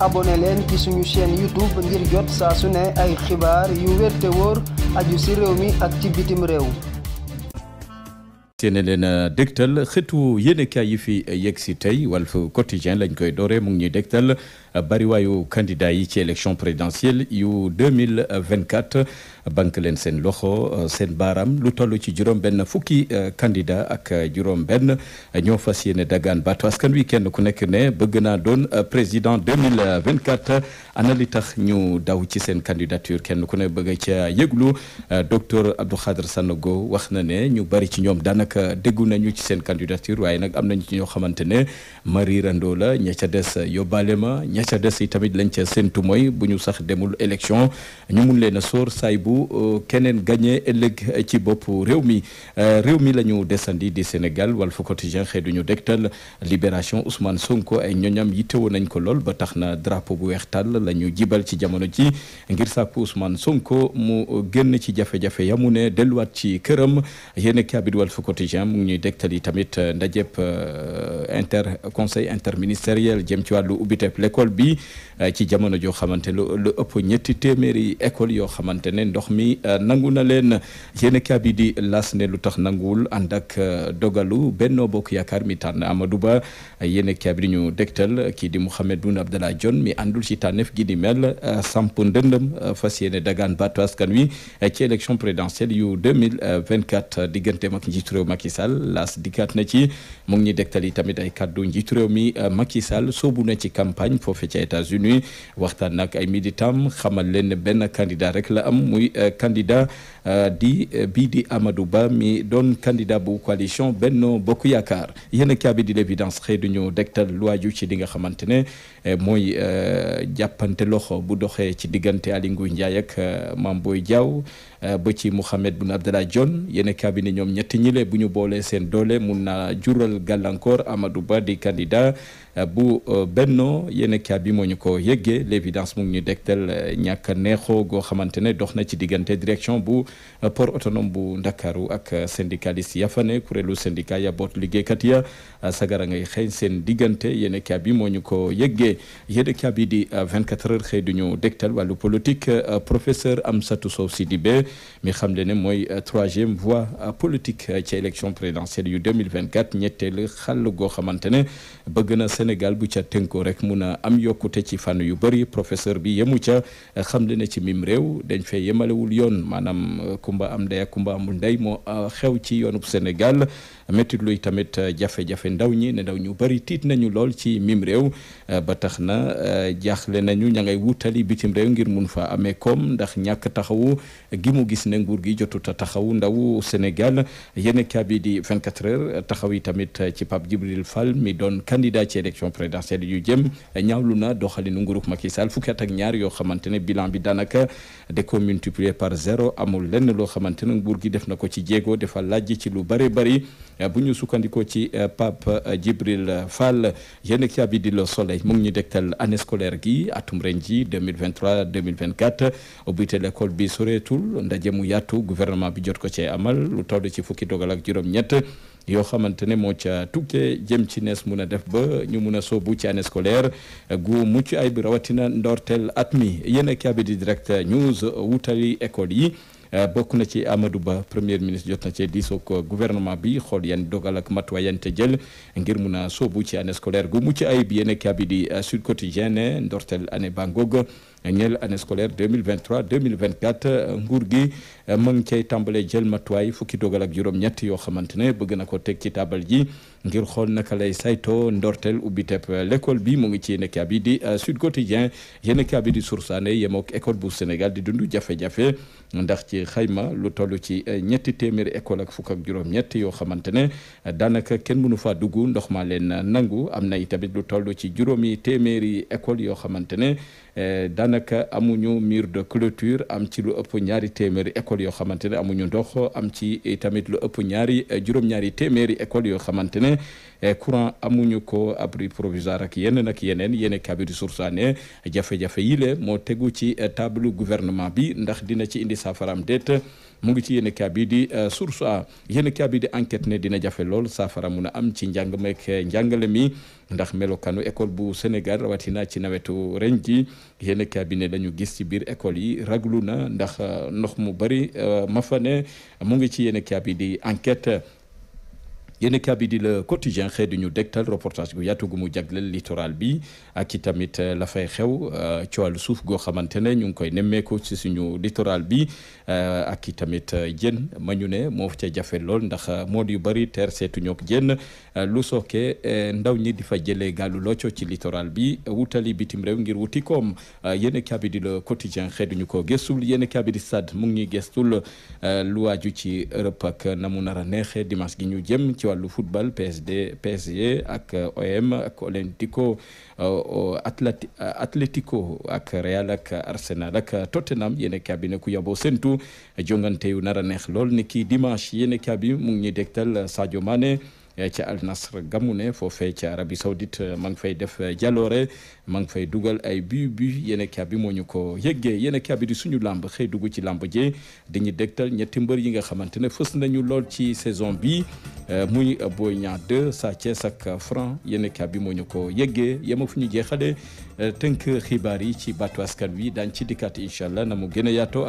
abonné leen ci suñu chaîne YouTube ngir jot saa su ne ay xibaar yu wér te wóor aju ci réew mi ak ci bitim réew. teene leen euh, dégtal xëtu yéenekaay yi si tey Walf Quotidien lañ koy dooree mu ngi ñuy dégtal bariwaayu candidat yi ci élection présidentielle yu mille vingt 2024 bank leen seen loxo euh, seen baaram lu toll ci juróom-benn fukki euh, candidat ak euh, juróom-benn ñoo fas yéene dagaan baatu askan wi kenn ku nekk ne bëgg naa doon président 2024 ana li tax ñu daw ci seen candidature kenn ku ne bëgg ca yëglu docteur Abdou Khadre Sanogo wax na ne ñu bari ci ñoom daanaka déggu nañu ci seen candidature waaye nag am nañu ci ñoo xamante ne mari rando la ña ca des yobbalema ma ña ca des yi tamit lañ ca séntu mooy bu ñu sax demul élection ñu mun leen a saay bu bu euh, keneen gagné ëllëg euh, ci bopp réew mi euh, réew mi la ñu desandi di Sénégal Walf Quotidien xeedu ñu dégtal libération Ousmane Sonko ay ñoñam yittewoon nañ ko lool ba tax na drapeau bu weex tàll la ñu jibal ci jamono ji ngir sàkku Ousmane Sonko mu génn ci jafe-jafe yamu ne delluwaat ci këram yéen kaabit Walf Quotidien mu ñuy dégtal yi tamit ndajeb inter conseil interministériel jëm ci wàllu ubbiteb l'école bi ci jamono joo xamante lu ëpp ñetti téeméeri école ndox mi euh, nangu na leen yéen kaabi di las ne lu tax nanguwul ànd ak euh, dogalu benn Bokk Yaakaar mi tànn amadu Ba ay kaabi di ñu dégtal kii di Mouhamed Boun Abdallah Dionne mi àndul ci tànneef gi di mel euh, samp ndëndëm fas yéene dagaan baatu askan wi ci élection présidentielle yu 2024 digganteem ak njiitu réew Macky Sall las dikkaat na ci mu ngi ñuy dégtal yi tamit ay kaddu njiitu réew mi Macky Sall soobu na ci campagne foofe ca États-Unis waxtaan nag ay militam xamal leen benn candidat rek am muy euh, candidat euh, di euh, bii di Amadou Ba mi doon candidat bu coalition benn Bokk Yaakaar yenn a kaabi di l'évidence xëy duñu dektal lu ci li nga xamante ne mooy jàppante loxo bu doxee ci diggante Aly Ngouille Ndiaye ak Mame Boye Euh, ba ci Mouhamed Boun Abdallah Dionne yéen cabinet ñoom ñetti ñile bu ñu boolee seen doole mun na jural gàllankoor amadu Ba di candidat euh, bu euh, Benno yéen cabinet moo ñu ko yëggee l'évidence mu ngi ñu dégtal ñàkk neexoo goo xamante ne dox na ci diggante direction bu port autonome bu Ndakaaru ak syndicaliste ya fa ne kuréelu syndicat ya boot liggéeykat ya sagara ngay xëy seen diggante yéen cabinet moo ñu ko yëggee yéen cabinet di 24 heures xëy du ñu dégtal wàllu politique professeur Amsatou Sow Sidibé mi xam le ne mooy euh, troisième voie euh, politique euh, ci élection présidentielle yu 2024 ñetteelu xal goo xamante ne bëgg na Sénégal bu ca tënkoo rek mun a am yokkute ci fànn yu bëri professeur bi yemu ca xam le ne ci mim réew dañ fee yemalewul yoon maanaam kumba am ndey ak kumba amul ndey moo xew ci yoonub Sénégal métti luy tamit jafe-jafe ndaw ñi ne ndaw ñu bëri tiit nañu lool ci mim réew ba tax na jaaxle nañu ña ngay wutali bitim réew ngir mun fa amee koom ndax ñàkk taxawu mu gis ne nguur gi jotut a taxaw ndaw Sénégal yéen kaa bi di 24 heures taxaw yi tamit ci Pape Djibril Fall mi doon candidat ci élection présidentielle yu jëm ñaawlu na doxalinu nguuruk Macky Sall fukki at ak ñaar yoo xamante ne bilan bi daanaka de ko multiplier par zéro amul lenn loo xamante ne nguur gi def na ko ci jéego dafa laaj ci lu bare bari Eh, bu ñu sukkandikoo ci eh, pap eh, Djibril Fall yéen a bi di Le Soleil mu ñu dégtal anne scolaire gi atum ren ji 2023 2024 ubbite l'école bi soreetul ndaje mu yaatu gouvernement bi jot ko cee amal lu toll ci fukki dogal ak juróom-ñett. yoo xamante ne moo ca tukkee jëm ci nees mun a def ba ñu mun a soobu ci année scolaire gu mucc ay bi rawatina ndorteel at mi yéen a kii di direct news wutali école yi. Euh, bokk na ci amadu Ba premier ministre jot na cee diisoo ak euh, gouvernement bi xool yan dogal ak matuwaay yan te jël ngir mun a soobu ci année scolaire gu mucc ayib yéen a kii di euh, Sud Quotidien ndortel année ba ngoog ñeel année scolaire 2023 2024 nguur gi eh, mu ngi cay tàmbalee jël matuwaay fukki dogal ak juróom-ñett yoo xamante ne bëgg na ko teg ci tabal ji ngir xool naka lay sayto ndorteel ubbi tepp eh, l'école bi mu ngi ci yéen bi di eh, Sud Quotidien yéen bi di sursaane yemook école bu Sénégal di dund jafe-jafe ndax ci xayma lu toll ci ñetti téeméeri école ak fukk ak juróom yoo xamante ne daanaka kenn mënu faa dugg ndox maa leen nangu am na itamit lu toll ci juróomi téeméeri école yoo xamante daanaka amuñu mur de clôture am ci lu ëpp ñaari téeméeri école yoo xamante ne amuñu ndox am ci tamit lu ëpp ñaari juróom-ñaari téeméeri école yoo xamante ne eh, courant amuñu ko abri provisoire ak yeneen ak yeneen yene kabiri sursaane jafe-jafe yile moo tegu ci eh, table gouvernement bi ndax dina ci indi saafaraam déet mu ngi ci yenn kaa bi di euh, source a yéen kaa bi enquête ne dina jafe lool saafara mun a am ci njàng meek euh, njàngale mi ndax melokanu école bu Sénégal rawatina ci nawetu ren ji yéen kaa bi ne dañu gis ci biir école yi raglu na ndax euh, ndox mu bëri ma fa mu ngi ci yenn kaa bi di enquête yéen kabi di le quotidien xëy di ñu dégtal reportage gu yaatu gu mu jagleel littoral bi ak i tamit euh, la fay xew euh, ci wàllu suuf goo xamante ne ñu ngi koy nemmeeku ci suñu littoral bi euh, ak i tamit jën ma ñu ne moo ca jafe lool ndax mool yu bëri ter seetu ñoog jën lu sooke ndaw ñi di fa jëlee gaalu locco ci littoral bi wutali bitim réew ngir wuti koom yenn kabi di le quotidien xëy ñu ko gëstul yéen kabi di stade mu ngi ñuy gëstul lu waaju ci Europe ak na mu nar a neexee dimanche gi ñu jëm ci ci wàllu football PSD PSG ak uh, OM ak Olympico uh, uh, Atleti ak Real ak Arsenal ak Tottenham yéen a ku yaboo sentu jongante yu nar a neex lool ni ki dimanche yéen a mu ngi ñuy dégtal Sadio Mané. Eh, ca Al Nassr gamu ne foofee ca Arabie Saoudite eh, ma ngi fay def eh, jaloore ma ngi fay dugal ay bu bu yéen a bi moo ñu ko yëggee yéen a bi suñu làmb xëy dugg ci làmb jee dañuy degtal ñetti mbër yi nga xamante ne fës nañu lool ci saison bi muy Boy Niang 2 Sa Thiès sak Franc yéen a bi moo ñu ko yëggee yema fu ñu jeexalee tënk xibaar yi ci baatu askan wi daañu ci dikkaat incha allah na mu gën a yaatoo